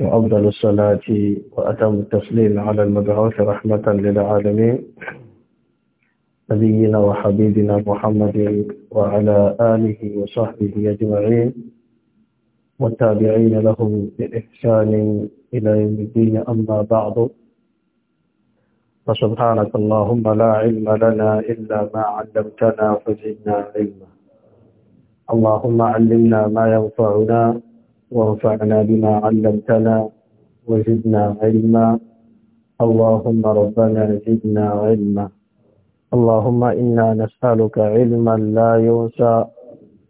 وأفضل الصلاة وأتم التسليم على المبعوث رحمة للعالمين نبينا وحبيبنا محمد وعلى آله وصحبه أجمعين والتابعين لهم بإحسان إلى يوم الدين أما بعد فسبحانك اللهم لا علم لنا إلا ما علمتنا فزدنا علما اللهم علمنا ما ينفعنا وانفعنا بما علمتنا وزدنا علما اللهم ربنا زدنا علما اللهم إنا نسألك علما لا ينسى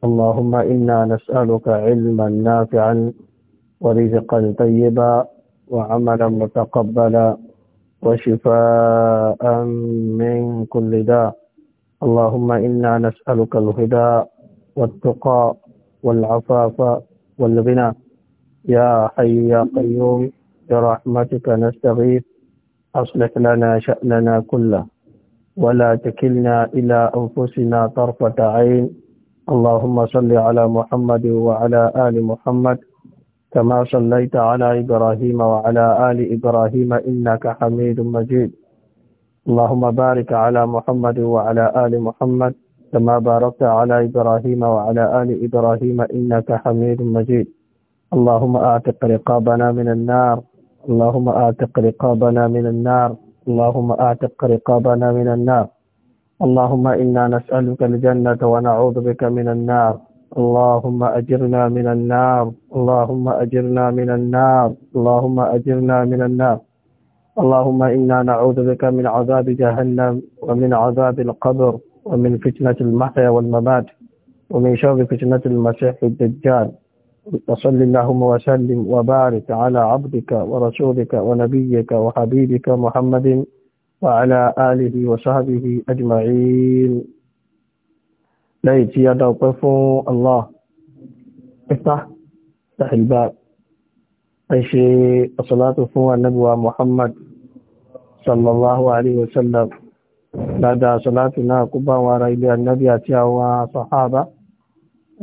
اللهم إنا نسألك علما نافعا ورزقا طيبا وعملا متقبلا وشفاء من كل داء اللهم إنا نسألك الهدى والتقى والعفاف والبناء يا حي يا قيوم برحمتك نستغيث أصلح لنا شأننا كله ولا تكلنا إلى أنفسنا طرفة عين اللهم صل على محمد وعلى آل محمد كما صليت على إبراهيم وعلى آل إبراهيم إنك حميد مجيد اللهم بارك على محمد وعلى آل محمد كما باركت على إبراهيم وعلى آل إبراهيم إنك حميد مجيد اللهم أعتق رقابنا من النار اللهم أعتق رقابنا من النار اللهم أعتق رقابنا من النار اللهم إنا نسألك الجنة ونعوذ بك من النار اللهم أجرنا من النار اللهم أجرنا من النار اللهم أجرنا من النار اللهم إنا نعوذ بك من عذاب جهنم ومن عذاب القبر ومن فتنة المحيا والممات ومن شر فتنة المسيح الدجال وصل اللهم وسلم وبارك على عبدك ورسولك ونبيك وحبيبك محمد وعلى آله وصحبه أجمعين ليت يدوقف الله افتح افتح الباب أيشي الصلاة فوق النبوة محمد صلى الله عليه وسلم dáadáa sọláàtì náà kó bá àwọn ará ilé ànábì àti àwọn sàhábà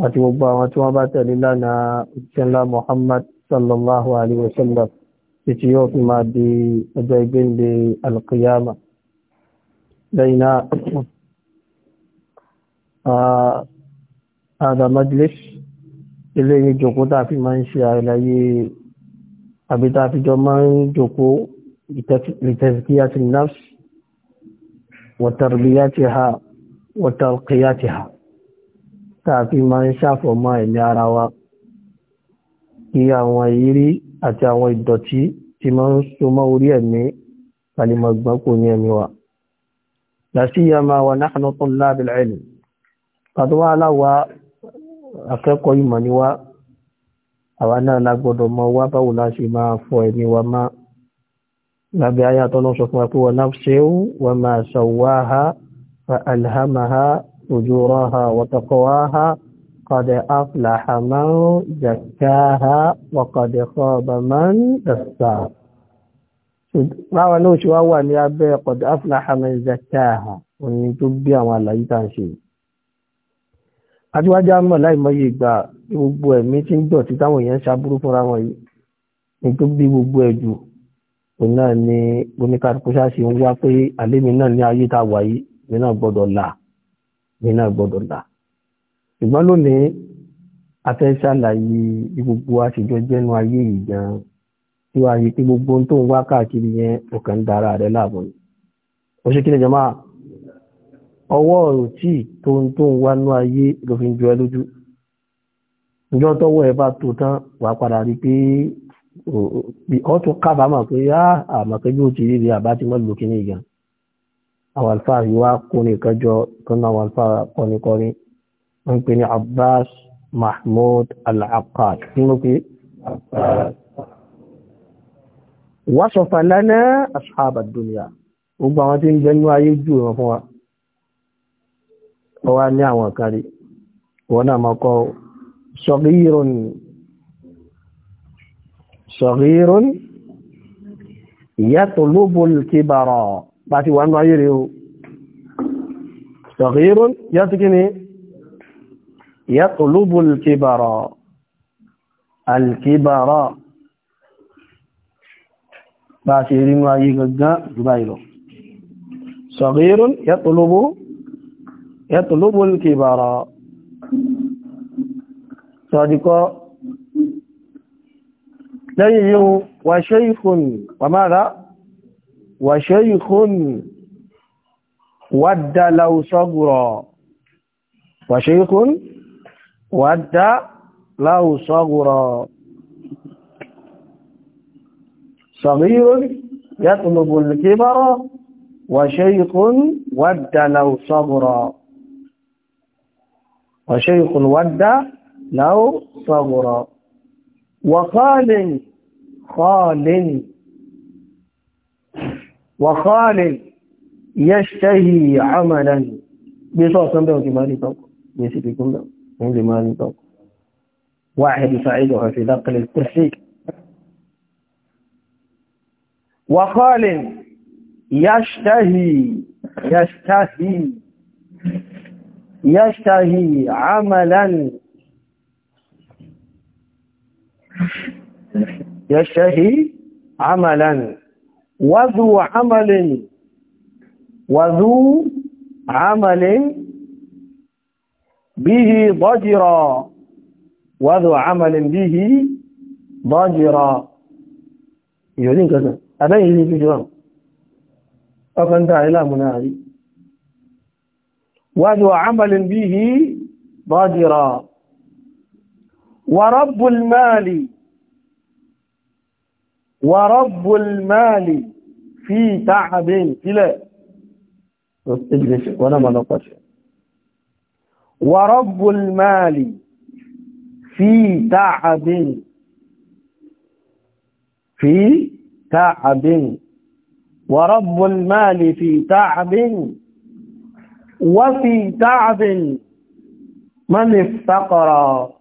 àti gbogbo àwọn tí wọ́n bá tẹ̀lé lánàá ìṣẹ́lá Muhammad sallallahu alaihi wasallam títí yóò fi máa di ọjọ́ ìgbéǹde alqiyama lẹ́yìn náà àdà majlis ilé ìjòkó tàbí máa ń ṣe àìlàyé àbítàfíjọ máa ń jòkó ìtẹ̀síkíyà sí wọ̀tàrìlìyàtìhà wọ̀tàrìkìyàtìhà tààfin máa ń ṣàfọ̀ mọ́ ẹ̀mí ara wa kí àwọn ìrírí àti àwọn ìdọ̀tí ti máa ń so mọ́ orí ẹ̀mí kalimọ̀gbọ́n kò ní ẹ̀mí wa làṣíyàmá wa nahnu tullabil ilm pàtàwà aláwa akẹ́kọ̀ọ́ ìmọ̀ ni wá náà lágbọ́dọ̀ mọ́ wá báwo la máa fọ ẹ̀mí wa máa lábẹ́ ayá tọ́lọ́ sọ fún ẹkú wa nafsin wa ma sawwaha fa alhamaha fujuraha wa taqwaha qad aflaha man zakkaha wa qad khaba man dassaha báwa náà ṣe wá wà ní abẹ́ qad aflaha man zakkaha òní tó gbé àwọn àlàyé tá à ń ṣe tí táwọn èèyàn ṣàbúrú fúnra wọn yìí ní tó bí gbogbo ẹ̀jù òun náà ni oníkàtúkú ṣáṣì ń wá pé àlémi náà ní ayé tá a wà yìí mi náà gbọ́dọ̀ là mi náà gbọ́dọ̀ là ṣùgbọ́n lónìí a fẹ́ ṣàlàyé bí gbogbo aṣèjọ jẹ́nu ayé yìí gan tí wàá yí pé gbogbo ohun tó ń wá káàkiri yẹn ọkàn ń dara rẹ láàbọ̀ ni ó ṣe kí ni jama ọwọ́ òtí tó ń tó ń wá nú ayé ló fi ń jọ ẹ lójú ìjọ tọwọ́ ẹ bá tó tán wàá padà rí pé ọ̀tún kábàámọ̀ pé yá àmọ̀kẹ́jú ó ti rí rí àbá tí wọ́n lò kíní ìgbà àwọn àlùfáà yìí wá kó ní ìkẹjọ kan náà àwọn àlùfáà wọ́n ń pè ní Abbas Mahmoud Al-Aqad kí ló pé wasafa lana ashab ad-dunya gbogbo àwọn tí ń bẹ nú ayé jù wọn fún wa ọwá ní àwọn kan rí wọn náà mọ́kọ́ sọ̀rọ̀ ṣọ̀rírún ìyàtọ̀ lóbol kí bàrọ̀ bá ti wà ń ráyé rẹ̀ o ṣọ̀rírún yàtọ̀ kí ni ìyàtọ̀ lóbol kí bàrọ̀ alkibara bá ṣe rí ní ayé gangan jùbá ìlọ ṣọ̀rírún yàtọ̀ lóbol kí bàrọ̀ sọ́díkọ́ شيخ وشيخ وماذا وشيخ ود لو صبرا وشيخ ود لو صغرا صغير يطلب الكبر وشيخ ود لو صغرا وشيخ ود لو صغرا وخال خال وخال يشتهي عملا بيصوص بهم جمالي طوق يسيبي كم من جمالي طوق واحد يساعدها في نقل الكرسي وقال يشتهي يشتهي يشتهي عملا يشتهي عملا وذو عمل وذو عمل به ضجرا وذو عمل به ضجرا يقولين كذا أنا يجي في جوان إلى مناهي وذو عمل به ضجرا ورب المال ورب المال في تعب كلا وانا ما نقاش ورب المال في تعب في تعب ورب المال في تعب وفي تعب من افتقر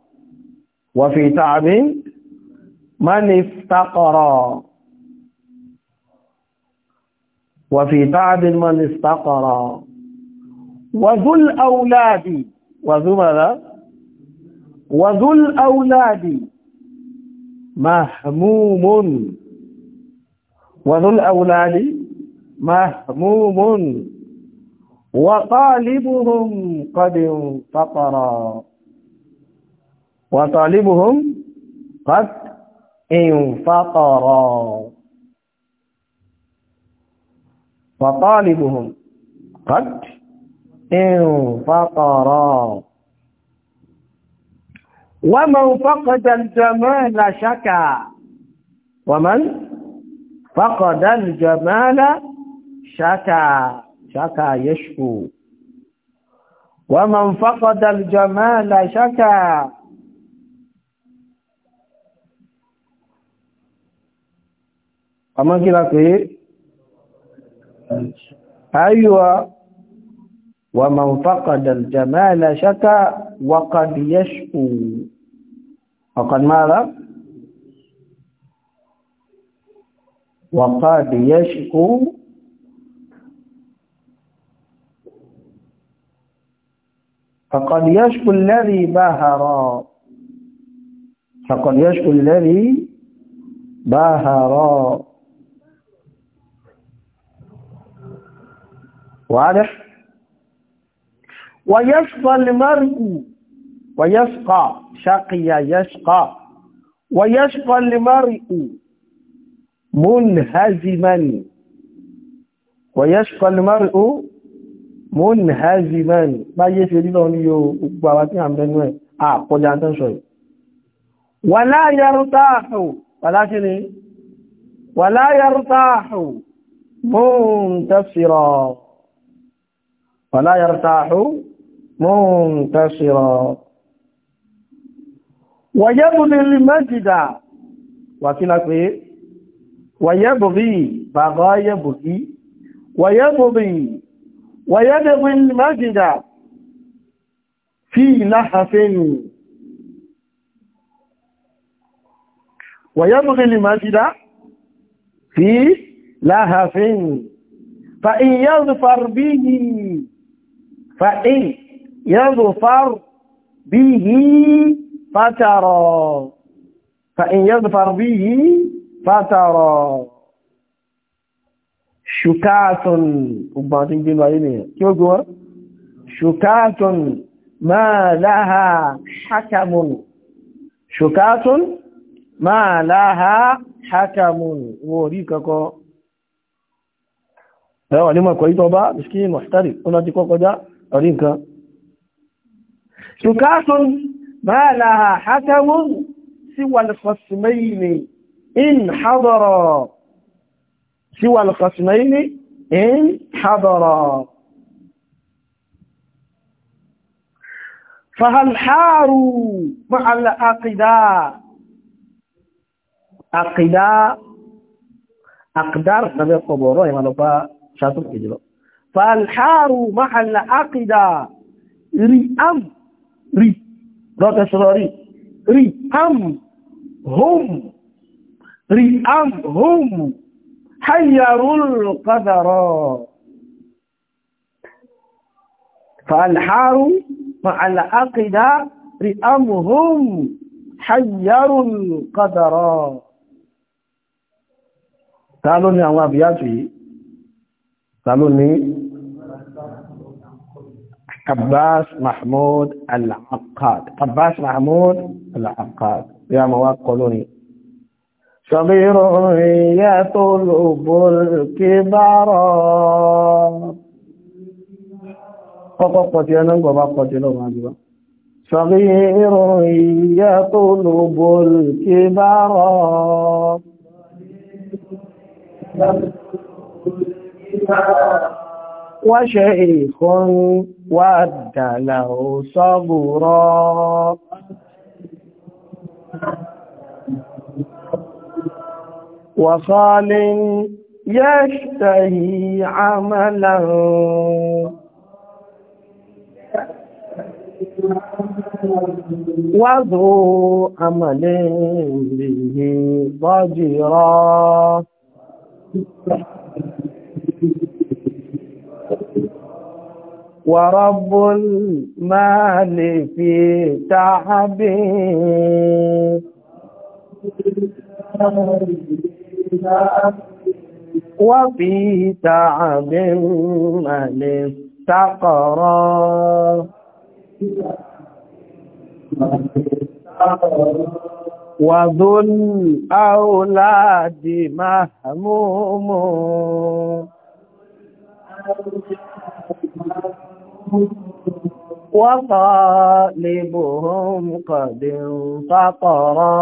وفي تعب من افتقر وفي تعب من افتقر وذو الأولاد وذو ماذا وذو الأولاد مهموم وذو الأولاد مهموم وطالبهم قد انفطرا وطالبهم قد انفطرا وطالبهم قد انفطرا ومن فقد الجمال شكا ومن فقد الجمال شكا شكا يشكو ومن فقد الجمال شكا أما كنا أيوة ومن فقد الجمال شكا وقد يشكو وقد ماذا؟ وقد يشكو فقد يشكو الذي بهر فقد يشكو الذي بهر واضح ويشقى المرء ويشقى شقي يشقى ويشقى المرء منهزما ويشقى المرء منهزما ما يشري لون يو بواتي عمدنوه آه قل جانتن شوي ولا يرتاح ولا شني ولا يرتاح منتصرا فلا يرتاح منتصرا ويبغي المجد وكلا في ويبغي بغى بغي، ويبغي ويبغي المجد في لحف ويبغي المجد في لهف فإن يظفر به فإن يظفر به فترى فإن يظفر به فترى شكاة وبعدين دي بعدين كيف جوا شكاة ما لها حكم شكاة ما لها حكم وريكك هو أيوة، لما كويتوبا مسكين محترف قلت كوكو ده طريقة شكاك ما لها حكم سوى الخصمين إن حضر سوى الخصمين إن حضر فهل حاروا مع الأقداء أقداء أقدار نبي قبوره يمانوبا شاتم كجلو فالحار محل عقد رئام ري لا تشراري رئام هم رئام هم حيروا القدر فالحار محل عقد رئام هم حيروا القدر تعالوا يا نعم أبياتي تعالوا نعم Abbas Mahmoud Al-Aqad. Abbas Mahmoud Al-Aqad. Bí a mọ̀ wá kọ lórí. Ṣọ̀bírò ìyá tó lò bòrò kí bá rọ̀. Kọ́kọ́ pọ̀tí ẹnu ń gbọ̀bá pọ̀tí lọ́wọ́ àjúwá. Ṣọ̀bírò ìyá وشيخ ود له صبرا وصال يشتهي عملا وذو عمل به ضجرا ورب المال في تعبي وفي تعب من استقرى وذو الأولاد مهموم وطالبهم قد انفطرا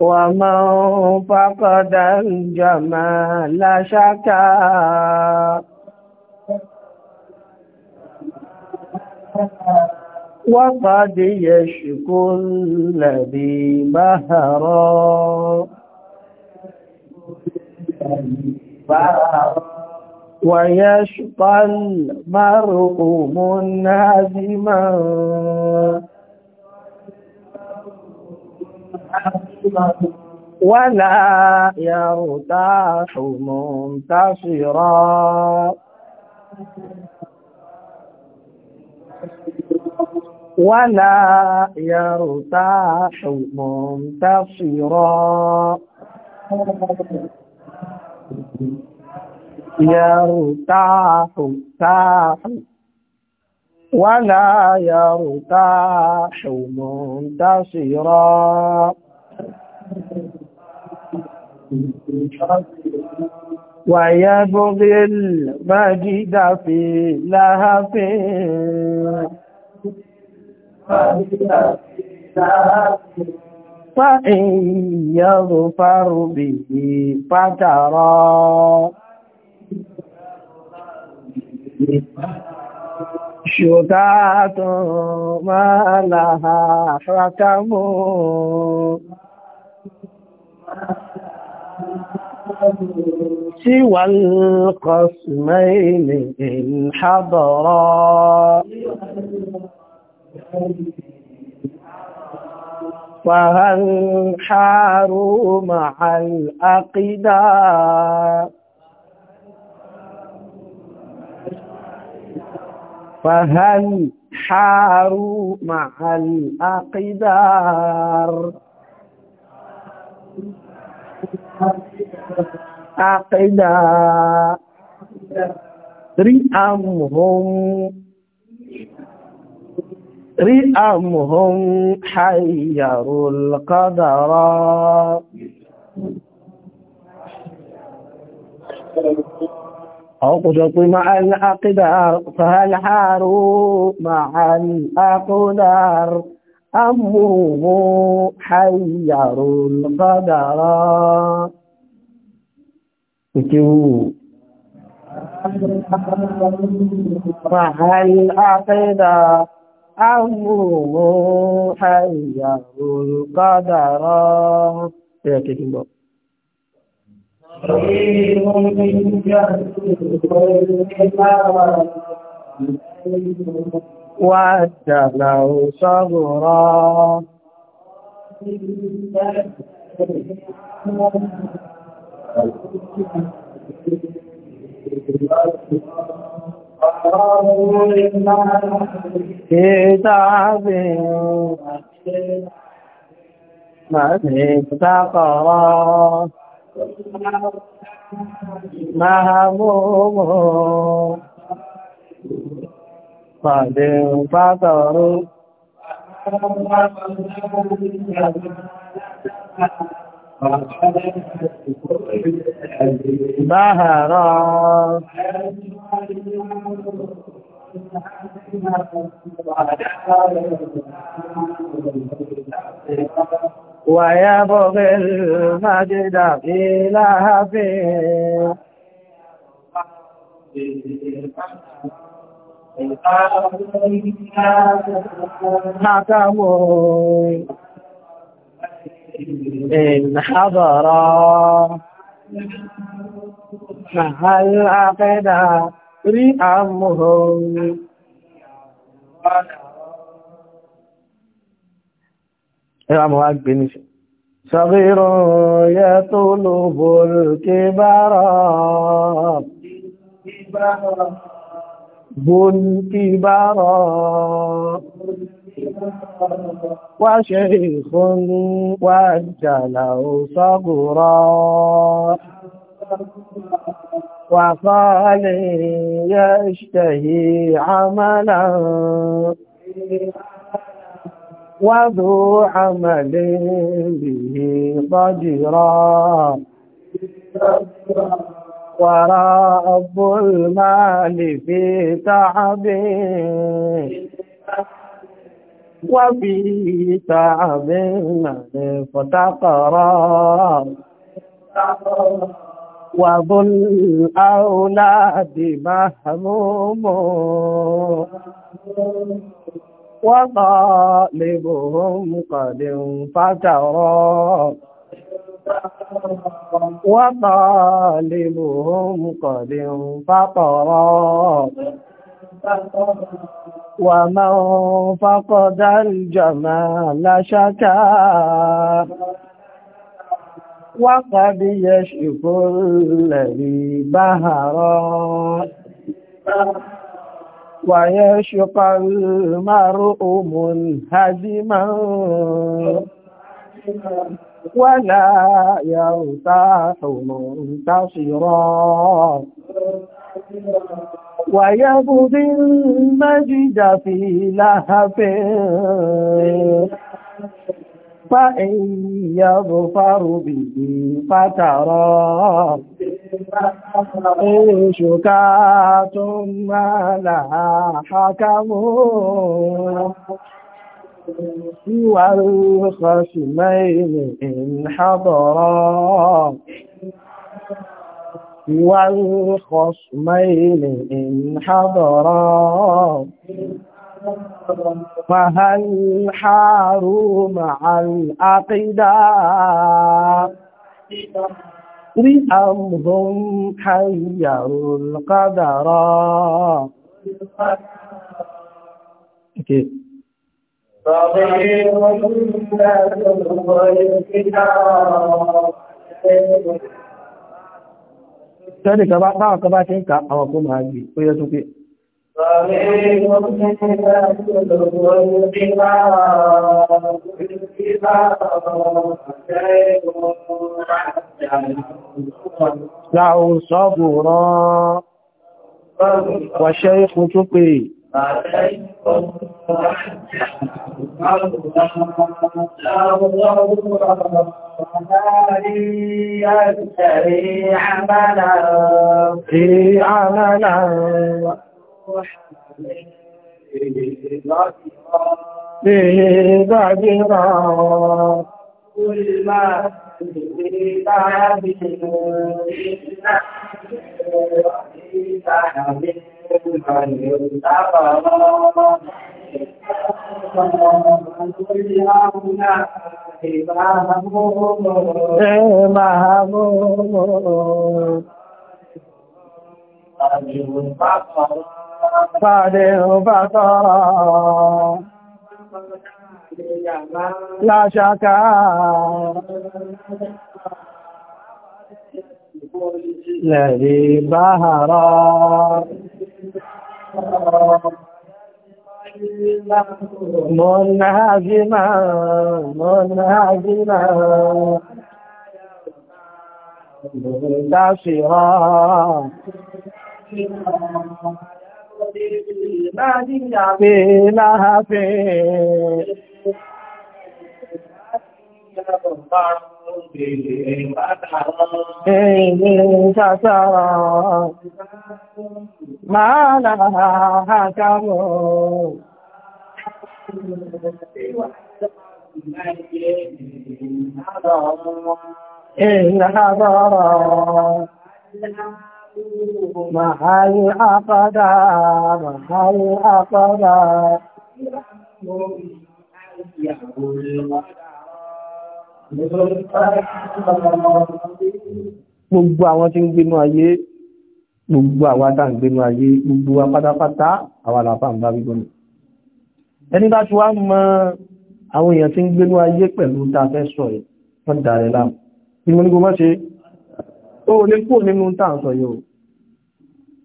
ومن فقد الجمال شكا وقد يشكو الذي بهرا ويشقى المرء منهزما ولا يرتاح منتصرا ولا يرتاح منتصرا يرتاح تاح ولا يرتاح منتصرا ويبغي المجد في لهف ويبغي المجد في لهف فإن يظفر به فترى شتات ما لها حكم سوى القسمين إن حضرا فهل حاروا مع الأقدار فهل حاروا مع الأقدار أقدار هم رئامهم حيروا القدر أقدط مع الأقدار فهل حاروا مع الأقدار أمهم حيروا القدر فهل أقدار àmúhùmú àyà olùkádàrọ́ ẹ̀yà kéèkì ń bọ̀. Wà Thank you. كتاب ما ابتقرا مهموم قد انفطروا Thank you. بهرا ويبغي المجد في لهفه حكموا إن حضرا فهل أقدا رئامهم رئام واقبين صغير يطلب الكبار بن كبار وشيخ وجله صغرا وقال يشتهي عملا وذو عمل به ضجرا وراء الظلمال في تعب وفي تعب من افتقرا وذو الأولاد مهموم وطالبهم قد انفترى وطالبهم قد انفطرا ومن فقد الجمال شكا وقد يشف الذي بهرا ويشق المرء منهزما ولا يرتاح منتصرا ويبغي المجد في لهفه فإن يظفر به فترى إن شكات ما لها حكم سوى الخشمين إن حضرا سوى الخصمين إن حضرا فهل حاروا مع الأقدار رئم هم القدر Tẹ́lẹ̀ kan bá ń ka àwọn kó máa gbé, ó yẹ tó pé Láhùn sọ́bù rán wàṣẹ́ ikú tó pè. Láhùn sọ́bù rán Bèèrè bàbí rà ọ́. Orí máa bèèrè bàbí Ẹ máa mú mú. Àjò pápá فارغ بصرا لا شكا الذي بهرا منهزما منهزما منتصرا في لهف إن تسرى ما لها حكم إن حضر محل أقدا محل أقدا Gbogbo àwọn tí ń gbénú ayé, gbogbo àwọn tá ń gbénú ayé, gbogbo wa pátápátá àwọn àlàfà ń bá gbígbónù. Ẹni bá ti wá mọ àwọn èèyàn tí ń gbénú ayé pẹ̀lú ta fẹ́ sọ ẹ̀, wọ́n dàrẹ Ìmọ̀ ní mọ́ ṣe, ó lè kúrò nínú tàà sọ yóò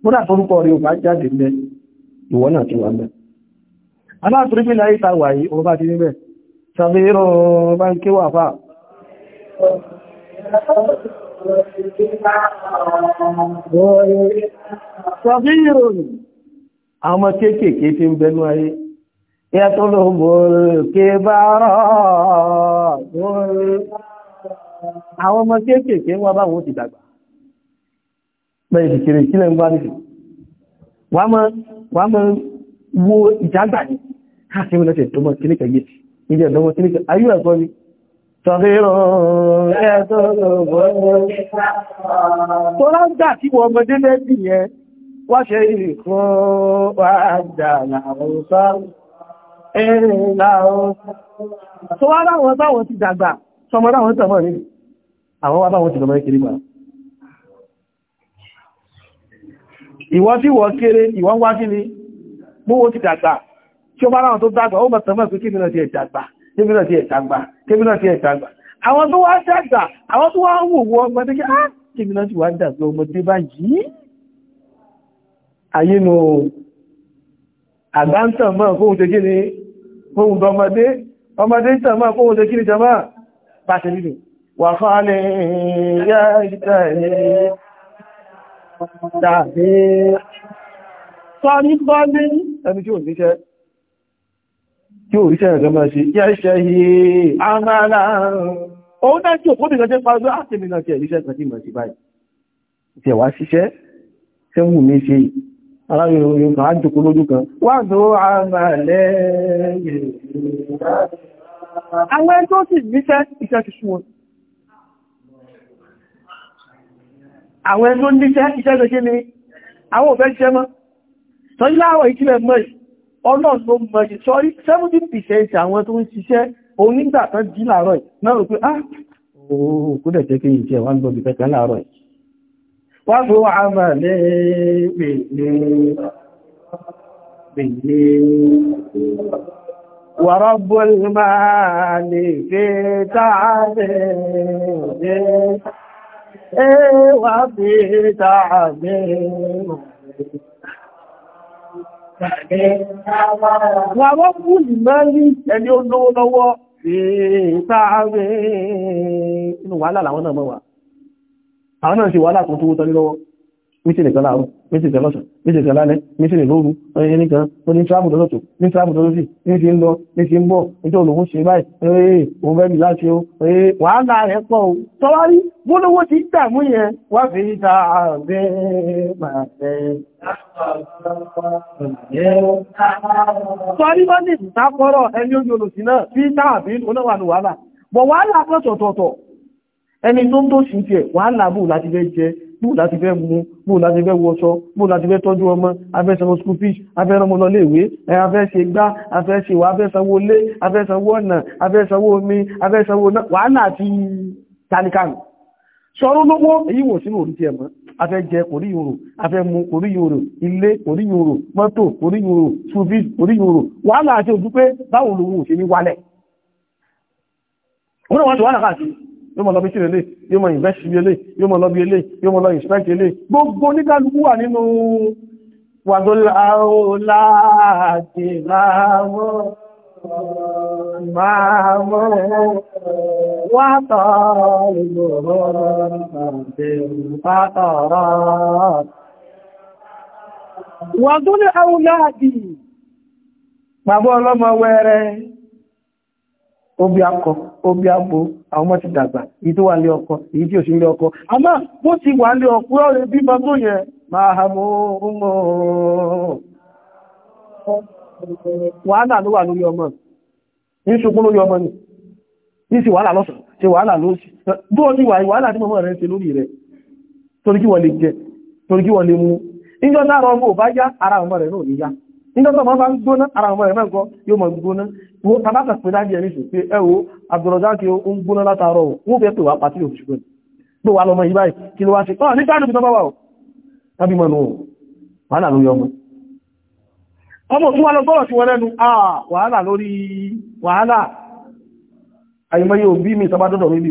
múra torúkọ rí ọba jáde mẹ́ ìwọ náà ti wà mẹ́ aláàtúrígbé láyé ta wà yìí ọba ti níbẹ̀ sàbẹ̀rọ bá ń kéwà fà sàbẹ̀rọ àmọ́ kéèkèé ti ń bẹnu ayé يطلب الكبار àwọn ọmọ kéèkèé wọ́n bá wọ́n ti dàgbà lẹ́yìn kékeré kílẹ̀ ń wà mọ́ wo ìjàgbà ní káàkiri lẹ́sẹ̀ tó mọ́ kíníkà yìí ilẹ̀ ọ̀dọ́mọ́ kíníkà ayú ẹ̀kọ́ ni tọ̀rírọ̀ ẹ̀ẹ́sọ́ ìwọ́n tí wọ́n kéré ìwọ́n wá kí ni gbówó ti dàgbà tí ó bá ráwọn tó dàgbà ó bàtà mọ́ pé kí mìíràn ti ẹ̀dàgbà kí mìíràn ti ẹ̀dàgbà kí mìíràn ti ẹ̀dàgbà àwọn tó wá dàgbà àwọn tó wá ń wòwò ọgbọ́n tí kí ah, mìíràn ti wá dàgbà ọmọdé báyìí ayé nu àgbáǹtàn mọ́ kóhun tẹ́ kí ni kóhun tọmọdé ọmọdé tàn mọ́ kóhun tẹ́ kí ni jama bá ṣe nínú wà fún alẹ́ yá ìtàrí dàbí sọ́rí bọ́lí ẹni tí ò níṣẹ́ tí ò ríṣẹ́ ẹ̀gẹ́ máa ṣe yẹ́ ṣe yìí àmàlà òun náà tí òkú nìkan jẹ́ parí átìmì náà tí ẹ̀ ríṣẹ́ kan tí mọ̀ sí báyìí tí ẹ̀wà ṣiṣẹ́ tí wù mí ṣe alárinrin kan á jòkó lójú kan wà tó àmàlẹ́ àwọn ẹjọ́ ti sú wọn àwọn ẹlò níṣẹ́ iṣẹ́ ṣe kí ni àwọn òfẹ́ ṣiṣẹ́ mọ́ sọ́yí láwọ̀ ìkílẹ̀ mọ́ ọlọ́run ló mọ̀ sí sọ́rí 70% àwọn tó ń ṣiṣẹ́ onígbà tán jí láàárọ̀ náà pé ah ooo kó dẹ̀ jẹ́ kí n jẹ́ wọ́n gbọ́bí pẹ́kẹ́ láàárọ̀ wá fún wa àmà ní pèlè وفي تعبير Àwọn fúlì mẹ́rin ẹni ó lówó lọ́wọ́ ìtààrí inú wàhálà làwọn náà mọ́ wà. Àwọn náà ṣe wàhálà kan tó wó tọ́lé lọ́wọ́ mítìlì kan láàrùn mítìlì kan kan lálẹ́ mítìlì lóru ẹni kan ó ní tíráàbù lọ́sọ̀tò ní tíráàbù ní ti ń lọ ní ti ń bọ̀ nítorí olùkún ṣe báyìí ee òun bẹ́ẹ̀ bí láti o ee wàhálà rẹ̀ pọ̀ o tọ́wárí bólówó ti dààmú yẹn wá fi ta àbẹ́ màbẹ́. sọrí fi tá àbí onáwà ní wàhálà bọ̀ wàhálà kan tọ̀tọ̀tọ̀ ẹni tó ń tó sì tiẹ̀ bóò láti fẹ́ mú bóò láti fẹ́ wọṣọ bóò láti fẹ́ tọ́jú ọmọ afẹ́sanwó school fees afẹ́ranmọ́ lọ léèwé afẹ́ṣe gbá afẹ́ṣèwà afẹ́sanwó lé afẹ́sanwó ọ̀nà afẹ́sanwó omi afẹ́sanwó wàhálà àti tanikanu sọ̀rọ̀ lówó èyí wò sínú orí ti ẹ̀mọ́ afẹ́ jẹ kòrí yòrò afẹ́ mu kòrí yòrò ilé kòrí yòrò mọ́tò kòrí yòrò school fees kòrí yòrò wàhálà àti òdúpẹ́ báwo lòun ò ṣe ní wálẹ̀ wọ́n náà wọ́n ti wá yóò mọ̀ lọ bí kí lélẹ̀ yóò mọ̀ ìbẹ́sì lélẹ̀ yóò mọ̀ lọ bí lélẹ̀ yóò mọ̀ lọ ìspẹ́kì lélẹ̀ gbogbo oníkàlùkù wà nínú wàdóláàdì láàmọ́ máàmọ́ wátọ̀ ìgbòho àti pátọ̀rọ̀ obi akọ obi abo àwọn ọmọ ti dàgbà èyí tó ọkọ èyí tí ò ọkọ ama bó ti wà ní ọkọ rẹ̀ bí ma ma ha mọ́ ọmọ wàhálà ló wà lórí ọmọ ní ṣùgbọ́n lórí ọmọ ni ní sí wàhálà lọ́sàn ṣe wàhálà ló ara ọmọ na náà nígbàtọ̀ máa bá ń gbóná ara ọmọ ẹ̀mẹ́ nǹkan yóò mọ̀ gbóná wo tàbátà pé láti ẹni sì pé ẹwọ Abdurrazak ó ń gbóná látàárọ̀ wọ́n fẹ́ pè wá pàtí òṣùgbọ́n pé wà lọmọ ìbáyì kí ló wá ṣe ọ́ nígbà níbi tọ́bá wà ọ́ mi mi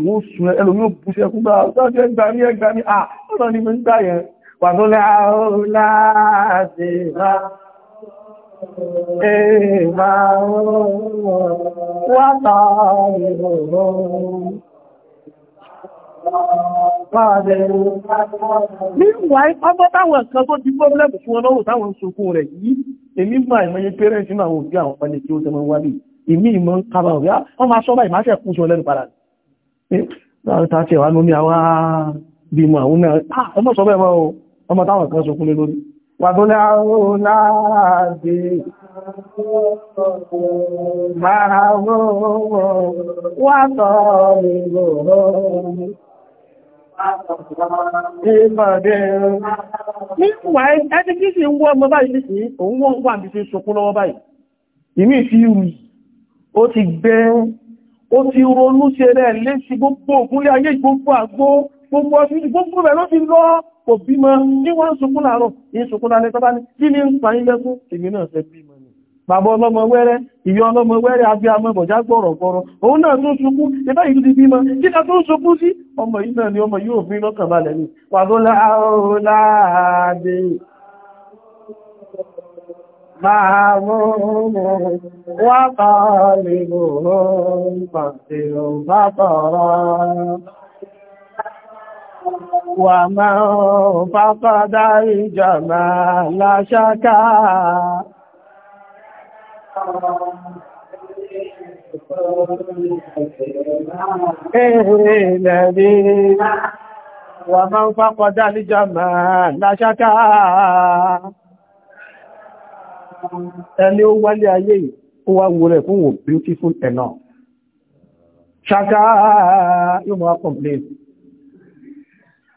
wọ́n sun ẹlòmí ò bú sí ẹkú gbà ọjọ́ ẹgbà ní ẹgbà ní Èèmà Meanwhile, ọmọ táwọn kan tó ti pọ́blẹ̀bù fún ọlọ́wọ́ táwọn ń sokún rẹ̀ yìí, èmi mọ̀ ìmọ̀ye pẹ́rẹ́ sínú àwọn òbí àwọn ọmọdé tí ó tẹ́mọ̀ wálé. Èmi ìmọ̀ kábà òbí, وضلعون عادي معه وطالبهم Ìbàdẹ̀ níwà ẹni kí sí ń wọ́ ọmọ báyìí sí òun wọ́n wà bí sí ṣokún lọ́wọ́ báyìí. Ìmí ti rù, ó ti gbẹ́, ó ti ronú ṣe rẹ̀ lé sí gbogbo òkúnlé ayé gbogbo àgbó, gbogbo ọdún gbogbo rẹ̀ ló ti lọ́ọ́ kò bímọ ní wọ́n ń sunkún láàárọ̀ ní sunkún lálẹ́ tọ́bá ní kí ní ń pa ilẹ́kún èmi náà fẹ́ bímọ ni bàbá ọlọ́mọ wẹ́rẹ́ ìyá ọlọ́mọ wẹ́rẹ́ abí amọ́ bọ̀já gbọ́rọ̀ gbọ́rọ̀ òun náà tún sunkún ẹgbẹ́ ìlú ti bímọ kí ká tún sunkún sí ọmọ yìí náà ni ọmọ yóò fi lọ́kàn balẹ̀ ni wàbó láàáde máa mú wákàlẹ̀ ومن فقد الجمال شكا إيه الذي ومن فقد الجمال شكا ẹni ó wálé ayé ó wá wúrẹ̀ fún wò beautiful enough ṣaká yóò mọ́ complain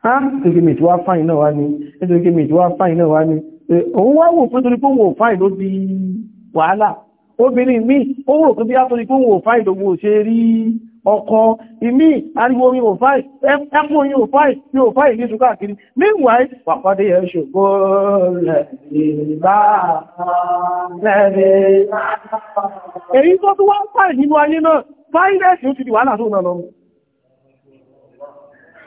nítorí tí wá fáìn náà wá ní nítorí tí wá fáìn náà wá ní òun wá wò fún torí fóòwò fáìn ló di wàhálà obìnrin mi ó wò fún bí á torí fóòwò fáìn lògbò ṣe rí ọkọ ìmí ariwo mi ò fáì ẹkùn yìí ò fáì ní ò fáì ní ṣùgbà kiri meanwhile pàpàdé ẹ̀ ṣògbó rẹ̀ ìbá rẹ̀ èyí tó tó wá fáì nínú ayé náà fáì rẹ̀ sí ó ti di wàhálà tó náà lọ́rùn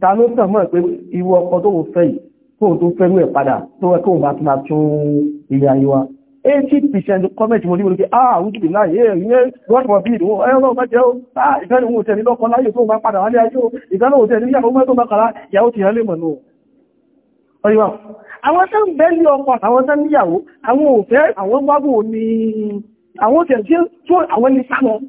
ta ló tàn mọ́ pé irú ọkọ tó fẹ́ yìí kó tó fẹ́rú ẹ̀ padà tó wẹ́ kó bá tún máa tún ilé ayé wa eighty percent comment mo ní mo ní pé ah wújú bí láyé ìyẹn god forbid wọn ẹ ọlọ́run bá jẹ́ ó ah ìfẹ́ ni wọn ò tẹ̀lé lọ́kọ láyé tó bá padà wálé ayé ó ìfẹ́ náà ò tẹ̀lé níyàwó mẹ́tò bá kàrá ìyàwó ti hàn lè mọ̀ nù ọ̀yọ́ àwọn tó ń bẹ́ ní ọkọ àwọn tó níyàwó àwọn òfẹ́ àwọn gbágbó ni àwọn tẹ̀lé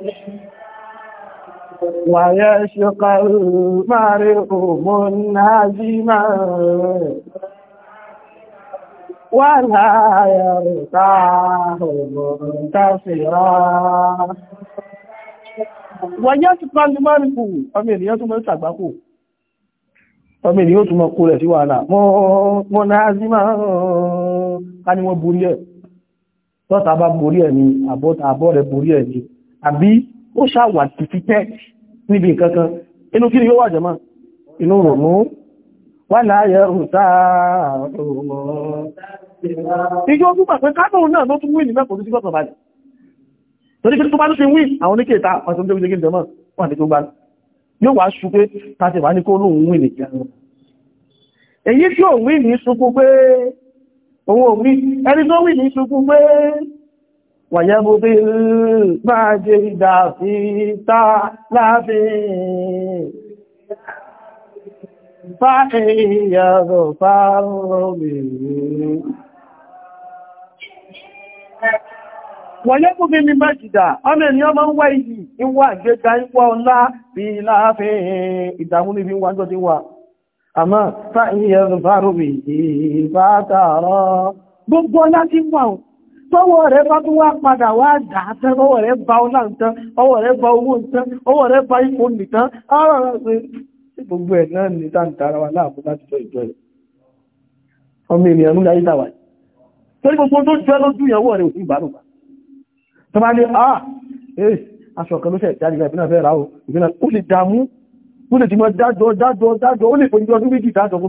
ويشق المرء منهزما ولا يرتاح منتصرا wọ̀nyá ti pàdé máa rí kú ọmọ ènìyàn tó mọ́ ìtàgbákò ọmọ ènìyàn tó tọ́ta bá borí ẹ̀ ni àbọ̀ rẹ̀ borí ẹ̀ ni àbí ó ṣàwà títí tẹ́ níbi kankan inú kí ni yóò wà jẹ́mọ́ inú rònú wà láyẹ̀ rùtà ìjọ ọdún pàpẹ kánò náà ló tún wíìnì mẹ́kọ̀ọ́ sí gbọ́gbọ̀ balẹ̀ torí pé tó bá ló ṣe wíìn àwọn oníkèta ọ̀sán tó gbé jẹ́mọ́ wà ní tó gbá yóò wá ṣú pé tàti wà ní kó lóun wíìnì jẹ́mọ́ èyí tí ò wíìnì sunkún pé òun ò wí ويبغي المجد في تعلف فحي يغفر به Wọ̀nyẹ́kùn bí mi mẹ́jìdá, ọmọ ènìyàn máa ń wá iyì, ìwà àgbẹ́gbà ìwà ọlá bí láàfin ìdàmú níbi wà jọ ti wà. Àmọ́, fáìyẹ̀ rùfà rùfì ìfátàrọ. Gbogbo ọlá ti wà tọ́wọ́ rẹ̀ bá tún wá padà wá dàátán ọwọ́ rẹ̀ bá ọlá ǹtán ọwọ́ rẹ̀ bá owó ǹtán ọwọ́ rẹ̀ bá ipò nìtán ọ̀rọ̀ rẹ̀ gbogbo ẹ̀ náà ní dáǹtara wa láàbú láti jọ ìjọ ẹ̀ ọmọ ènìyàn ní ayé tàwà torí gbogbo tó jẹ́ lójú ìyàwó rẹ̀ òfin ìbálò bá tó bá ní ah eh aṣọ kan ló ṣe ìjáde ìgbà ìbínà fẹ́ ra o ìbínà ó lè dààmú ó lè ti mọ dájọ dájọ dájọ ó lè pòjú ọdún méjì dájọ kó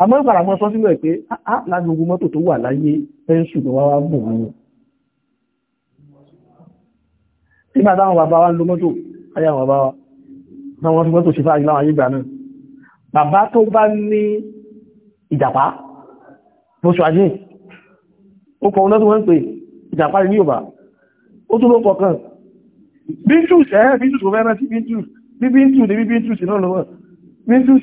àmọ́ ìpàdàmọ́ sọ sílẹ̀ pé á lágbogbo mọ́tò tó wà láyé pẹ́ńsù tó wá wá bù wọn nígbà táwọn bàbá wa ń lo mọ́tò ayé àwọn bàbá wa náà wọ́n fi mọ́tò ṣe fáàrí láwọn ayé ìgbà náà bàbá tó bá ní ìjàpá lóṣù ajé ó kọ ọ̀nà tó wọ́n ń pè ìjàpá ní Yorùbá ó tún ló kọ kan bíntùs ẹ̀ bíntùs kò fẹ́ rántí bíntùs bí bíntùs ní bí bíntùs náà lọ́wọ́ bíntùs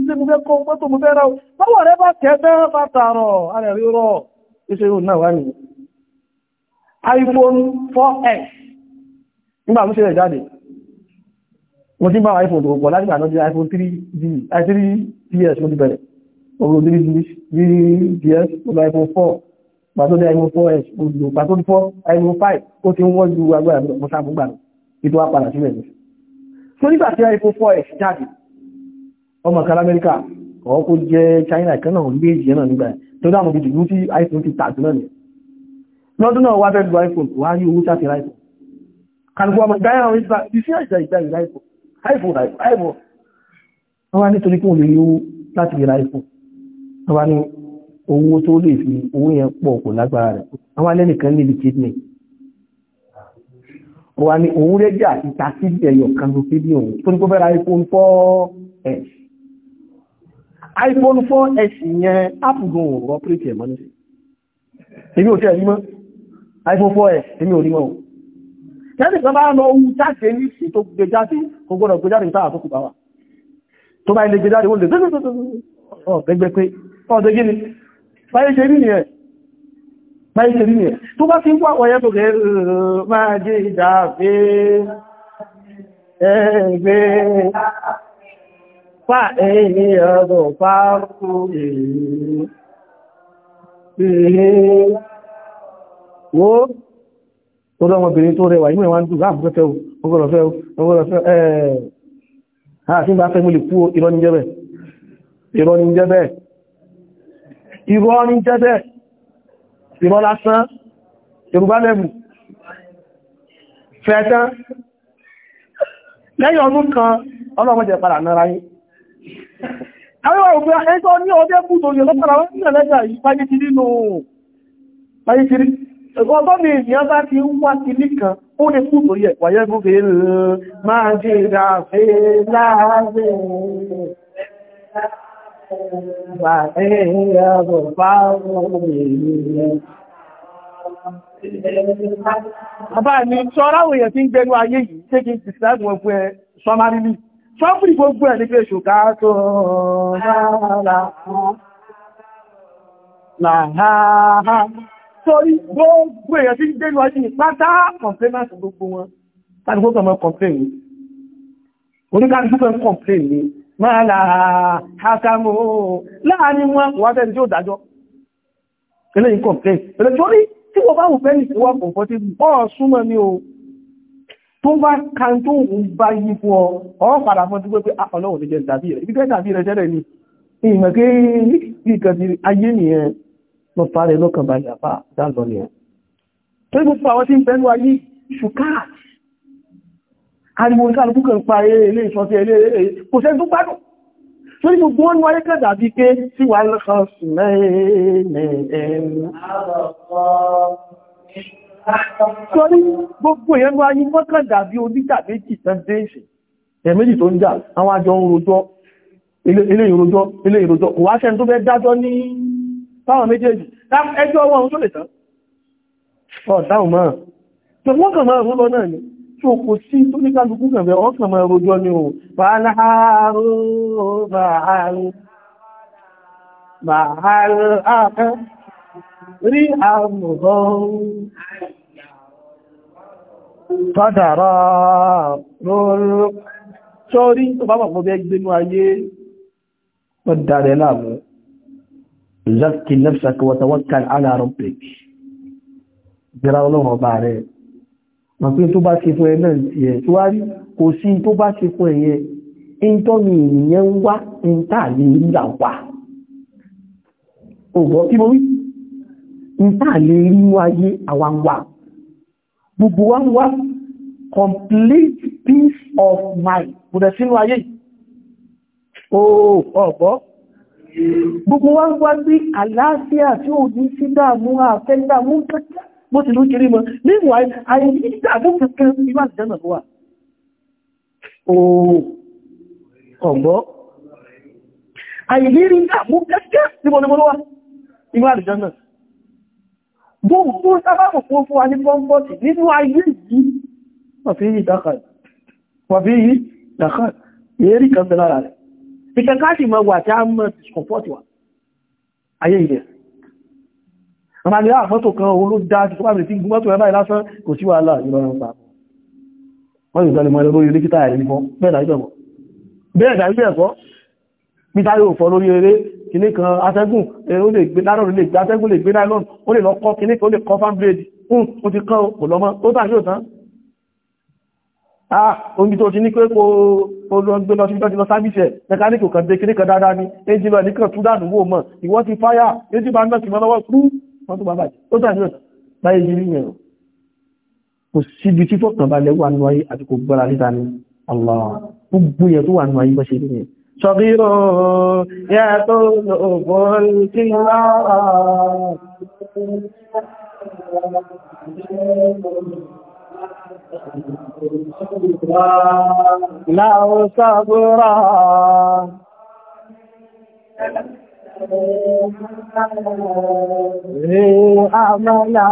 ṣe mo fẹ́ kọ́ mọ́tò mo fẹ́ ra o rẹ bá tẹ́ bá tààrọ̀ ara rọ̀ iṣẹ́ yóò náà wá ní iPhone 4S nígbà mo ṣe rẹ̀ jáde mo ti bá iPhone tó pọ̀ láti náà di iPhone 3D i3ds eh, mo ti bẹ̀rẹ̀ ọgbọ̀ 3ds mo lọ iPhone 4 pàtó dé iPhone 4S mo lò pàtó 4 iPhone 5 ó ti ń wọ́n ju agbára mo sáà fún gbà mi ìtò apàdà sílẹ̀ mi. so nígbà tí iPhone 4S jáde ọmọ kan amẹ́ríkà ọ̀họ́ kó jẹ́ china kan náà gbé èjì náà nígbà tó dáàmù bíi dùgbú tí iphone ti tààtì náà ni lọ́dún náà wá fẹ́ lu iphone wá rí owó sáfì iphone kàlùkù ọmọ ìdáyà àwọn ìgbà bí sí àìsà ìgbà ìrà iphone iphone iphone wọ́n wá nítorí kí wọ́n lè yíwó láti ìrà iphone wọ́n wá ní owó tó lè fi owó yẹn pọ̀ kò lágbára rẹ̀ wọ́n wá lẹ́nìkan níbi kan ló fi bí òun tó ní kó fẹ́ ra iphone 4s iPhone 4S yẹn ápùgùn ọ̀rọ̀ pírítì ẹ̀mọ́ ní sí èmi ò tẹ́ mọ́ iPhone 4S èmi ò rí mọ́ tẹ́lì kan bá lọ ohun jáde ní sí tó gbé jáde kò gbọ́dọ̀ gbé jáde táà tó kù bá wà tó bá ilé gbé jáde wọ́n lè gbẹ́gbẹ́ pé ọ̀dẹ́ gíní báyé ṣe rí nìyẹn báyé ṣe rí nìyẹn tó bá fi ń wà wọ́yẹ́ tó gẹ́ máa jẹ́ ìjà ẹgbẹ́ فإني أظفرت به wo tó lọ́mọbìnrin tó rẹwà inú ẹ̀wọ̀n dùgbà fẹ́fẹ́ ogọ́lọ̀fẹ́ ogọ́lọ̀fẹ́ ẹ̀ẹ̀ àti bá fẹ́ mú lè kú ìrọ́nìjẹ́bẹ̀ ìrọ́nìjẹ́bẹ̀ ìrọ́nìjẹ́bẹ̀ ìrọ́lásán ìrùbálẹ̀mù fẹ́ẹ̀tán lẹ́yìn ọdún kan ọlọ́mọdé padà nára yìí Àwọn òbí ẹjọ́ ní ọdẹ́ búdó yẹ lọ́pàá wọ́n ní ẹlẹ́gbà yìí fáyé kiri nù fáyé kiri. Ẹgbọ́n bọ́ ni ènìyàn bá ti ń wá ti nìkan, ó ní búdó yẹ wáyé gúgbé máa jẹ́ ìdáfẹ́ láàárín ìgbà ẹ̀yà bọ̀ bá wọ́n ènìyàn. Àbá ni ṣọ́ráwò yẹ ti ń gbẹnu ayé yìí, ṣé kí n ti sọ́fìrì gbogbo ẹ̀ ní pé ṣùgbà tó láàá sórí gbogbo èèyàn tí dénú ọjí ìpátá kọ̀mplémàtì gbogbo wọn tàbí gbogbo ọmọ kọ̀mplén ní oníkàrí púpọ̀ kọ̀mplén ní máa láàá àkàmò láàárín wọn wádẹ́ni tí ó dájọ́ eléyìn kọ̀mplén tó bá kan tó ń bá yí fún ọ ọ̀rọ̀ padà fún ti pé pé ah, ọlọ́run ní jẹ́ tàbí rẹ̀ ibi tẹ́tàbí rẹ̀ tẹ́lẹ̀ ni ìmọ̀ pé bí kan ti ayé nìyẹn ah, lọ fàárẹ̀ lọ́kàn bá yàfà dálọ nìyẹn tó ní gbogbo àwọn tí ń bẹnu ayé ṣùkà ariwo kálukú kan pa eré ilé ìṣọ́sí ilé kò sẹ́ tó gbádùn tó ní gbogbo wọn Sọ́rí gbogbo èèyàn ló ayé mọ́kàn dàbí oníjà méjì tán déèṣì. Ẹ̀ méjì tó ń jà, àwọn àjọ ń rojọ́, ilé ìrojọ́, ilé ìrojọ́, kò wá ṣẹ́ni tó fẹ́ dájọ́ ní táwọn méjèèjì. Ẹjọ́ wọn tó lè tán. Ọ̀dáhùn máa. Tọ́ wọ́n kàn máa rọ́lọ́ náà ni tí ó kò sí tó ní kálukú kẹ̀mẹ̀ ọkàn mọ̀ ẹrọjọ́ ni ó bàálàárò bàálù bàálù ààrẹ rí àmùrán tọ́dàrá rọ́rọ́ sọ́rí tó bá pàpọ̀ bẹ́ gbénú ayé wọ́n dáre láàmú zakki nafsaka wa tawakkal ala rabbik jẹ́ra ọlọ́rọ̀ bá rẹ̀ màpín tó bá ṣe fún ẹ náà ti ẹ̀ tó wá rí kò sí tó bá ṣe fún ẹ̀yẹ ìntọ́ni ènìyàn wá ìntàlẹ̀ ìrìyà wà ògbọ́ kí mo rí ìntàlẹ̀ ìrìyà ayé àwọn wà gbogbo wa ń wá complete peace of mind bùdẹ̀ sínú ayé ọ̀gbọ́ gbogbo wa ń wá bí àlàáfíà tí ó ní sí dáàmú àfẹ́ dáàmú kẹta bó ti ló kiri mọ́ níwà ayé ìdàmú kẹta ìwà ìjẹ́nà wà ọ̀gbọ́ àìlérí ìdàmú kẹta níbo ni mo lọ́wà ìwà ìjẹ́nà Gbogbo tó sábàbù fún fún wa ní bọ́m̀bọ́sì nínú ayé yìí, wà fi yìí dákàl. Wà fi yìí dákàl, èrí kan bẹ lára rẹ̀. Ìkẹ́ káàkì mọ wà tí a mọ̀ discomfort wa, ayé ilẹ̀. Àmà ní àfọ́tò kan owó ló dá ti kọ́bàbì tí gbogbo ẹ̀bá ìlásán kò sí wàhálà ìrọ̀rùn pa. Wọ́n yóò gbẹ́lẹ̀ mọ́ lórí líkítà ẹ̀rí kìíní kan atẹ́gùn ó lè gbé lárọ̀ lè gbé atẹ́gùn lè gbé nylon ó lè lọ kọ́ kìíní kan ó lè kọ́ fan blade fún ó ti kán kò lọ́mọ ó tàn yóò tán ah omi tó ti ní pé kó o lọ gbé lọ sí ìjọ́ ti lọ sábìsì ẹ̀ mẹkáníkì kan dé kìíní kan dáadáa ni ẹjìnlọ nìkan tún dànù wò mọ̀ ìwọ́n ti fáyà ẹjìnlọ náà sì mọ́ lọ́wọ́ kú wọ́n tó bá bàjẹ́ ó tàn yóò tán láyé yìí yẹn o kò síbi tí fọ́kànbalẹ̀ Allah gbogbo yẹn tó wà nù ayé bọ́ ṣe rí صغيروا يا طلب الكرام لو صبرا في أملا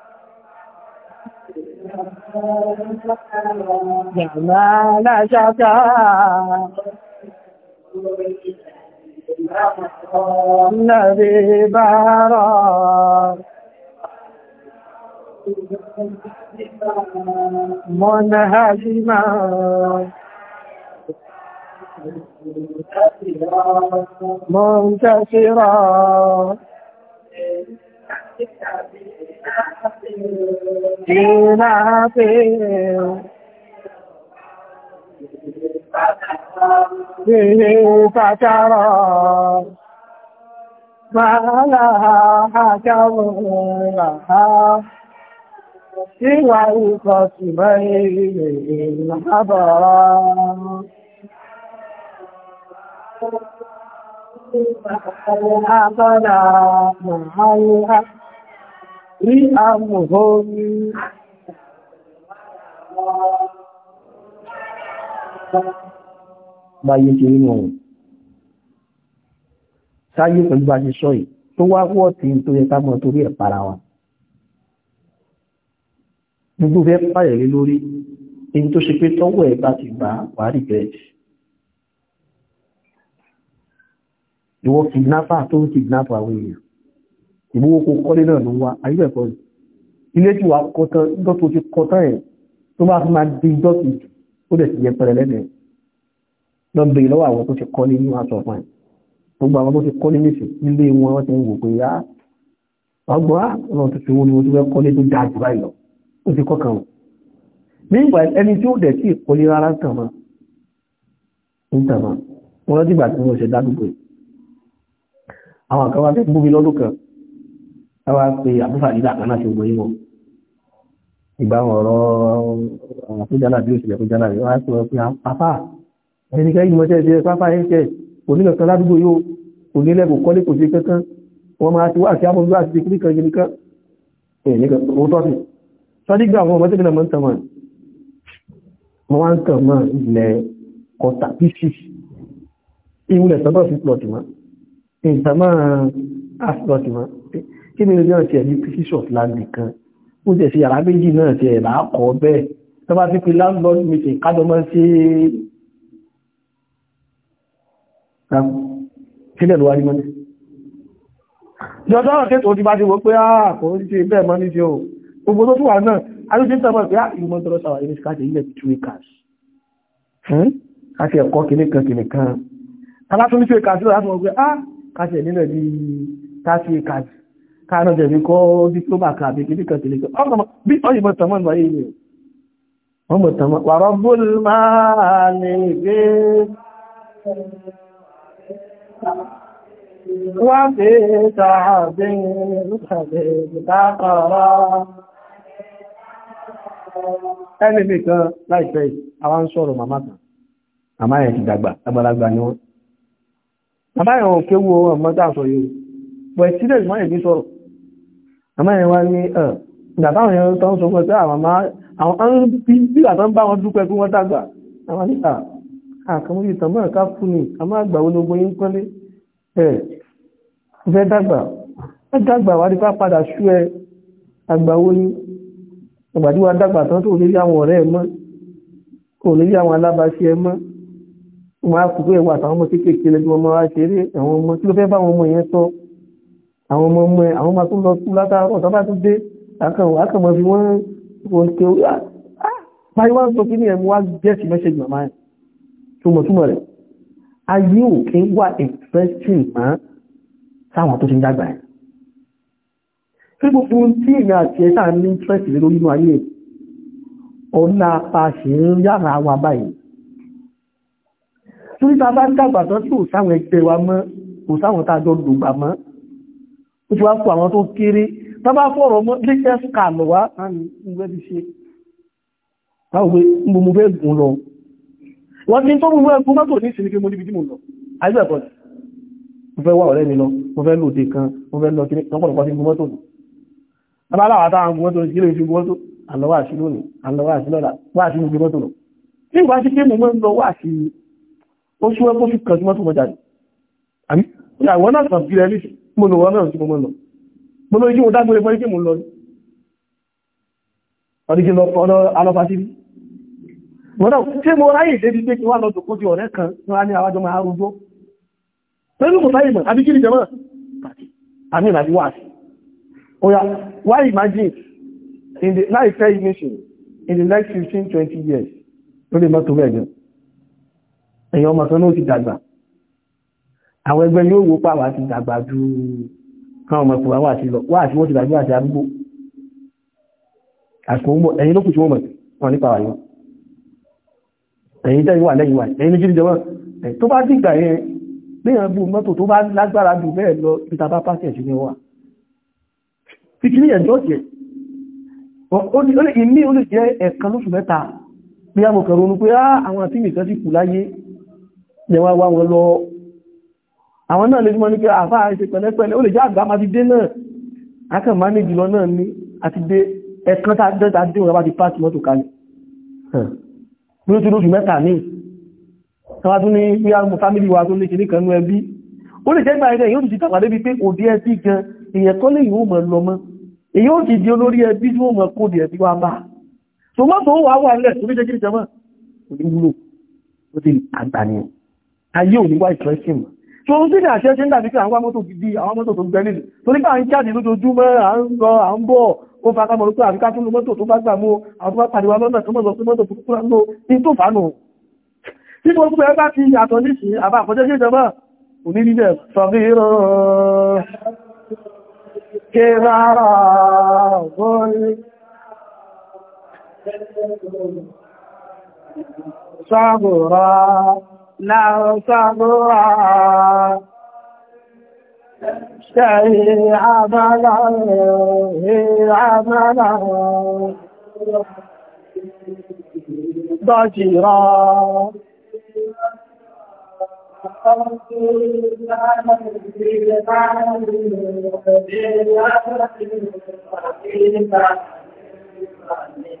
جمال شكا الذي بارا منهزما منتصرا Jìnà pé máa àjáwò láha síwà ikọ̀ sí mẹ́rin ilẹ̀ àbára. máa rí àmùhó ní báyé ti rí mọ̀ sáyé pẹ̀lú bá ṣe sọ́yì tó wá wọ́ tí tó yẹ ká mọ̀ torí ẹ̀ para wa gbogbo fẹ́ pàyẹ̀rí lórí èyí tó ṣe pé tọ́wọ́ ẹ̀ bá ti gbà wà rí bẹ́ẹ̀jì ìwọ kìdínápà tó ń kìdínápà àwọn ìgbówó kó kọ́lé náà ló wá ayébẹ̀kọ́ rẹ̀ ilé tí wà kọtán ìjọ tó ti kọtán ẹ̀ tó bá fi máa di ìjọ tó jù ó dẹ̀ ti yẹ pẹrẹ lẹ́nẹ̀ lọ bèèrè lọ́wọ́ àwọn tó ti kọ́ ní inú aṣọ ọ̀fà gbogbo àwọn tó ti kọ́ ní nìṣẹ́ nílé wọn wọ́n ti ń wò pé á ọgbọ́n ah, á lọ tó ti wo ni wọ́n ti fẹ́ kọ́lé tó dáa jù báyìí lọ ó ti kọ́kàn wọn nígbà ẹni tí ó dẹ̀ tí ìkọ́lé rárá ń tàn mọ́ ń tàn mọ́ wọ́n wá pé àbúfà nígbà kan náà ṣe gbogbo yíwọ ìgbà ọ̀rọ̀ ọ̀rọ̀ tó jálà bí òṣèlè tó jálà yóò wá pé ọ̀pẹ́ apá ẹnikẹ́ yìí mọ́tẹ́ ṣe pápá ẹ̀ṣẹ̀ onílọ̀kan ládùúgbò yóò onílẹ̀kùn kọ́lé kò sí kankan wọ́n máa ti wá sí abọ́ àti kíní kan kíní kan ẹ̀yìn kan ó tọ́ sí sọ́dígbà àwọn ọmọ tẹ́gbẹ̀rẹ̀ mọ́ ń tàn mọ́ wọ́n wá ń tàn mọ́ ilẹ̀ kọta pc ìwúlẹ̀ sọ́dọ̀ sí plọ̀tì mọ́ ìtàn mọ́ àfilọ̀tì mọ́ kí ni náà tiẹ̀ ní pieces of land kan ó tẹ̀ sí yàrá méjì náà tiẹ̀ bá kọ́ bẹ́ẹ̀ tó bá ti pe landlord meeting kájọ mọ́ sí sílẹ̀ ló wáyé mọ́lẹ̀ ìjọdọ́ ọ̀kẹ́ tó ti bá ti wọ́n pé àà ah, kò ń ṣe bẹ́ẹ̀ mọ́ ní ṣe o gbogbo tó tún wà náà alóṣe ń tàbí pé ah, ìmọ̀ tọrọ sàwà ilé ṣíkáṣe ilẹ̀ two acres fún hmm? káṣẹ ẹ̀kọ́ kìnnìkan kìnnìkan tàbátún ní two acres lọ́wọ́ láti wọ́n pé àà ah, káṣẹ nílẹ̀ bíi thirty acres káàrọ̀ jẹ̀bi kọ́ diploma kan àbí kìí kan tìlẹ̀ kan bí ọyìnbó tọmọ ìgbà yìí ni wọ́n mọ̀ tọmọ wàrọ̀ bóòlù máa ní gbé wọ́n fi tàbí lùtàbí ìdákọ̀ọ́rọ̀ ẹni bí kan láìpẹ́ àwọn ń sọ̀rọ̀ màmá kan màmá yẹn ti dàgbà àgbàlagbà ni wọ́n màmá yẹn ò kéwu ọmọ dáàsọ yìí pẹ̀sílẹ̀ ìmọ̀ ẹ̀mí sọ̀rọ̀ àmá ìwá ní ẹ̀ ìgbàtàwọn èèyàn tó ń sọ pẹ́ àwọn bá wọn dúpẹ́ kí wọ́n dàgbà àwọn ní àkàmúrí ìtàmọ́ ẹ̀ká fún ní àmá àgbà ológun yí ń pẹ́lé ẹ̀ fẹ́ dàgbà ẹ dàgbà wà nípa padà sú ẹ àgbà wo ni àgbàdíwá dàgbà tán tó lè rí àwọn ọ̀rẹ́ ẹ mọ́ kò lè rí àwọn alábàáṣe ẹ mọ́ wọn á kúkú ẹwà àtàwọn ọmọ kéékèèké lẹ́gbẹ̀ẹ́ ọmọ wa ṣeré àwọn ọmọ kí ló fẹ́ bá àwọn ọmọ yẹn tọ́ àwọn ọmọ ọmọ àwọn máa tún lọ tún látàárọ̀ tó dé akànmọ́ fi wọ́n wọ́n ké ah, ah, báyìí wá ń sọ kí ní ẹ̀mú wá gẹ́ẹ̀sì mẹ́ṣẹ́jì màmá ẹ̀ túmọ̀túmọ̀ rẹ̀ ayé òkè wà ìfẹ́sìn mọ́ sáwọn tó ti ń dàgbà ẹ̀ ó ti wá pọ̀ àwọn tó kéré tábá fọ́rọ̀ mọ́ latest scan wá àmì ìgbẹ́ ti ṣe báwo mo mú fẹ́ gùn lọ wọ́n ti tó mú fẹ́ gùn mọ́tò ní ìsinmi kí mo níbi tí mo lọ àìsàn ẹ̀kọ́ mo fẹ́ wá ọ̀rẹ́ mi lọ mo fẹ́ lòdì kan mo fẹ́ lọ kiri lọ́pọ̀lọpọ̀ sí gùn mọ́tò nù bàbá aláwọ̀ àtàwọn gùn mọ́tò ní kílè fi gùn mọ́tò àlọ́wà mo lò wọ́n mẹ́rin tí mo mọ́ lọ mo lórí kí mo dágbére fọ́rí kí mo lọ ọdíkí lọ alọ́fàtírí wọ́n náà tí mo ráyè débi pé kí wá lọ tòkó di ọ̀rẹ́ kan ní wá ní àwájọ́ máa rúgbó pẹ̀lú kò sáyé mọ̀ àbí kí ni jẹmọ́ àmì ìrìnàbí wà sí oya why imagine in the láìpẹ́ emission in the next 15-20 years lórí mọ́tò mẹ́jọ èèyàn ọmọ kan náà ti dàgbà àwọn ẹgbẹ́ yóò wó pàwà ti dàgbà ju káwọn ọmọ ìpòwà wà sí lọ wà sí wọ́n ti dàgbà àti àdúgbò àsìkò mọ̀ ẹ̀yìn ló kù tí wọ́n mọ̀ wọn nípa wà yóò ẹ̀yìn tẹ́yìn wà lẹ́yìn wà ẹ̀yìn méjì jọmọ́ tó bá dìgbà yẹn léèyàn bú mọ́tò tó bá lágbára jù bẹ́ẹ̀ lọ peter bá pàṣẹ sí ni wà fìkìlì ẹ̀jọ́ tiẹ̀ ó lè ìmí ó lè jẹ́ ẹ̀kan lóṣù mẹ́ta bí a mọ̀ kẹrọ ní pé ah, àwọn àtìmì kan ti kù láyé yẹn wá wá wọn lọ àwọn náà lè mọ́ ní pé àfáà ṣe pẹ̀lẹ́pẹ̀lẹ́ ó lè já àgbà máa ti dé náà akẹ́ máa ní ìjùlọ náà ní àti dé ẹ̀kan tàbí dé òun láti pàtí mọ́tò kalẹ̀ bí ó ti lóṣù mẹ́ta ní tọ́wá tún ní bí àwọn fámílì wa tó ní kìíní kan nú ẹbí ó lè jẹ́gbà ẹgbẹ́ yóò ti tàpá débi pé òdí ẹbí gan èèyàn kọ́ lè yóò mọ̀ lọ ayé ò ní wá tó ń sílẹ̀ àṣẹ ṣe ń dàbí pé àwọn mọ́tò gidi àwọn mọ́tò tó gbẹ́lẹ̀ torí pé ń jáde lójoojúmọ́ à ń lọ à ń bọ̀ ó fara mọ̀ pé àríká tún mọ́tò tó bá gbà mú àwọn tó bá pàdé wa lọ́nà tó mọ́tò tó mọ́tò tó lọ نركبها شيء عملا عملا ضجرا Thank you.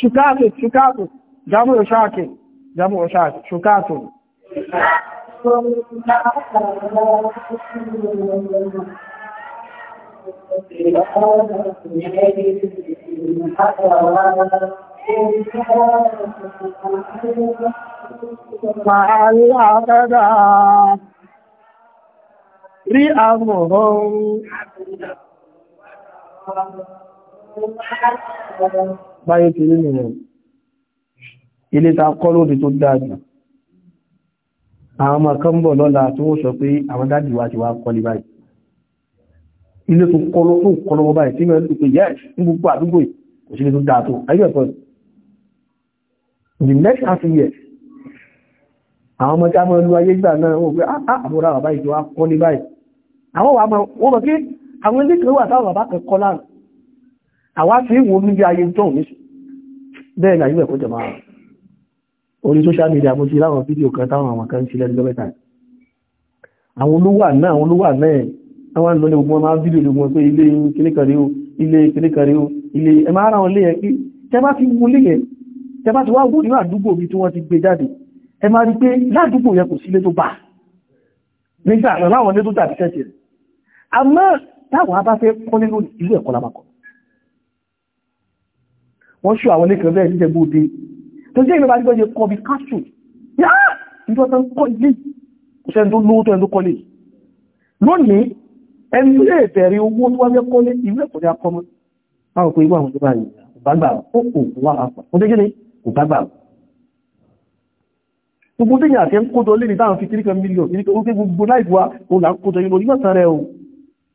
Şukatun, şukatun. Camu şakir. Camu şakir. Şukatun. Ma'al-a'adam rí àwọn ọ̀rọ̀ ohun báyé ti rí nìyàn ilé ta kọ́ lórí tó dájú àwọn ọmọ lọ́la tó wọ́n sọ pé àwọn dájú wá ti wá kọ́lé báyìí ilé tó kọ́lọ́ tó kọ́lọ́ báyìí tí mẹ́rin tó pé yẹ́ ní gbogbo àdúgbò kò sí ilé the next half year àwọn ọmọ tí a mọ́ lu ayé gbà náà wọ́n pé àbúrà bàbá ìjọ á kọ́lé báyìí àwọn wà wọ́n mọ̀ pé àwọn ilé kan wà táwọn bàbá kan kọ́ láàrùn àwa fi ń wo níbi ayé jọun ní bẹ́ẹ̀ ní àyíwẹ̀ kó jẹ máa orí social media mo ti láwọn fídíò kan táwọn àwọn kan ń sílẹ̀ lọ́wọ́ mẹ́ta àwọn olówà náà àwọn olówà náà àwọn lọ́lẹ̀ gbogbo máa fídíò lè gbogbo pé ilé kìnnìkanrí o ilé kìnnìkanrí o ilé ẹ máa ráwọn lé yẹn pé tẹ bá ti wọlé yẹn tẹ bá ti wá wọ́n nínú àdúgbò bí tí wọ́n ti gbé jáde ẹ máa rí pé ládùúgbò yẹn kò sílé tó bà nígbà láwọn ilé tó dàbí tẹ́tì rẹ̀ àmọ́ táwọn a bá fẹ́ kọ́ nínú ìlú ẹ̀kọ́ lábàkọ̀ wọ́n ṣù àwọn ilé-ìkẹ́ bẹ́ẹ̀ níjẹ̀gbó òde tó jẹ́ ìrọba nígbọ́n jẹ kọ́ bí káṣù yáà nígbọ́n tó ń kọ́ ilé ìṣẹ́ tó lówó tó ẹ̀ndó kọ́lé lónìí ẹni lè bẹ̀rẹ̀ owó tó wáyé kọ́lé ìwé ẹ̀kọ́ ní akọ́mọ́ àwọn òkú ìwé àwọn ìjọba yìí kò bá gbà ó kò wá àpà ó dégé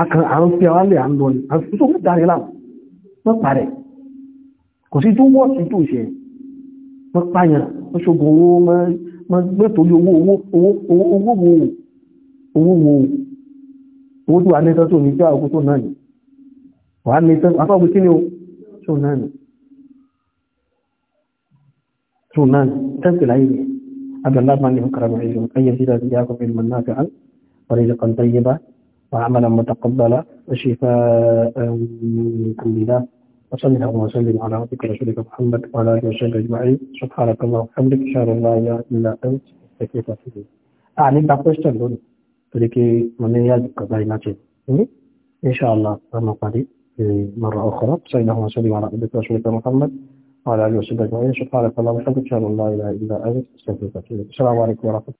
akàn à ń fi àwọn alẹ́ à ń lọ ní àṣìṣò fún ìdáre láwọn wọ́n parẹ̀ kò sí tó wọ́ọ̀sì tó ṣe wọ́n pààyàn wọ́n ṣogun owó wọ́n gbé torí owó owó owó owó owó tó wà ní ẹ̀tọ́ tó ní jẹ́ àwọn tó náà ni wà ní ẹ̀tọ́ afọ́gbé kí ni ó tó náà ni tó náà ni tẹ́sì láyé rẹ̀ abdullahi mani ọkàrà mọ̀ ẹ̀yọ̀ ayé sí ìdájọ́ ìyá kọfẹ́ mọ̀ náà fi hàn wọ́n ilẹ̀ kan tẹ́yẹ bá وعملا متقبلا وشفاء من كل داء وصلى الله وسلم على عبدك ورسولك محمد وعلى اله وصحبه اجمعين سبحانك اللهم وبحمدك اشهد ان لا اله الا انت استغفرك واتوب اليك ah ni da question lónìí torí pé mo ní yàtọ̀ kọ̀ọ̀bá iná مرة أخرى صلى الله وسلم على عبدك ورسولك محمد وعلى آله وصحبه أجمعين سبحانك اللهم وبحمدك أشهد أن لا إله إلا أنت أستغفرك وأتوب السلام عليكم ورحمة الله